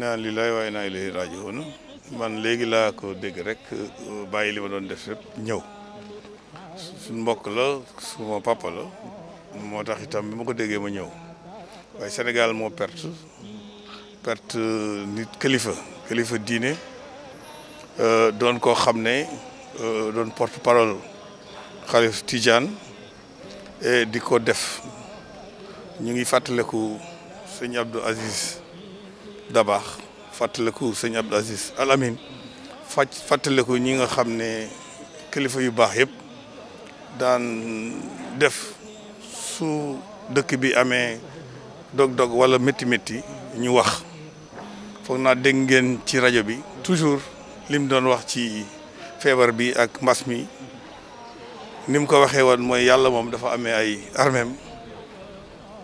inna lillahi wa inna ilayhi rajiun man léegi laa ko dégg rek bàyyi li ma doon def yëpp ñëw suñ mbokk la suma papa la moo tax itam bi ma ko déggee ma ñëw waaye Sénégal moo perte perte nit kilifa kilifa diine euh, doon koo xam ne euh, doon porte parole xalif Tidiane di ko def ñu ngi fàttaleku sëñ Abdou Aziz Dabaax fàttaliku sëñ Abdou Aziz Al Amin fàcc fàttaliku ñi nga xam ne kilifa yu baax yëpp daan def su dëkk bi amee dog-dog wala metti métti ñu wax foog naa dégg ngeen ci rajo bi toujours li doon wax ci feebar bi ak mbas mi ni ko waxee woon mooy yàlla moom dafa amee ay armeem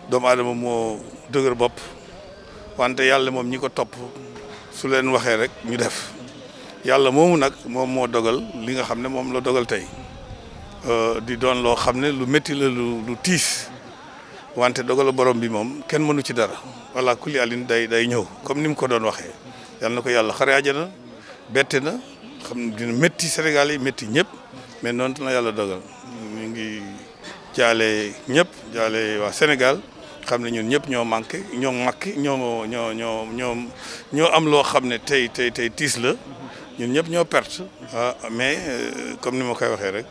doomu aadama moo dëgër bopp wante yàlla moom ñi ko topp su leen waxee rek ñu def yàlla moomu nag moom moo dogal li nga xam ne moom loo dogal tey euh, di doon loo xam ne lu métti la lu lu tiis wante dogal borom bi moom kenn mënu ci dara walla kulli alin day day ñëw comme ni mu ko doon waxee yàlla na ko yàlla xare àjjana bette na xam ne dina métti Sénégal yi métti ñëpp mais noonu na yàlla dogal mu ngi jaale ñëpp jaale waa Sénégal xam ne ñun ñëpp ñoo manqué ñoo manqué ñoo ñoo ñoo ñoo ñoo am loo xam ne tey tey tey tiis la ñun ñëpp ñoo perte ah mais euh, comme ni ma koy waxee rek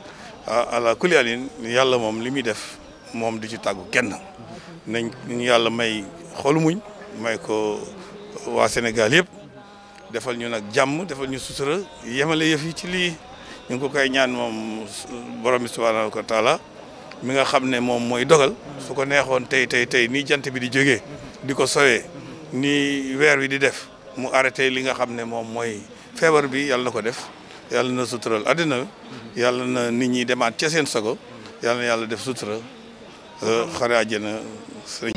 àla ah, kuliyalin yàlla moom li muy def moom du ci tàggu kenn nañ ñu yàlla may xolu muñ may ko waa Sénégal yëpp defal ñu nag jàmm defal ñu sutura yemale yëf yi ci lii ñu ngi ko koy ñaan moom borom bi subhanahu wa taala mi nga xam ne moom mooy dogal su ko neexoon tey tey tey nii jant bi di jógee di ko sowee ni weer wi di def mu arrêté li nga xam ne moom mooy feebar bi yàlla na ko def yàlla na sutural àddina yàlla na nit ñi demaat ca seen sago yàlla na yàlla def sutura euh, xare àjjana sëriñ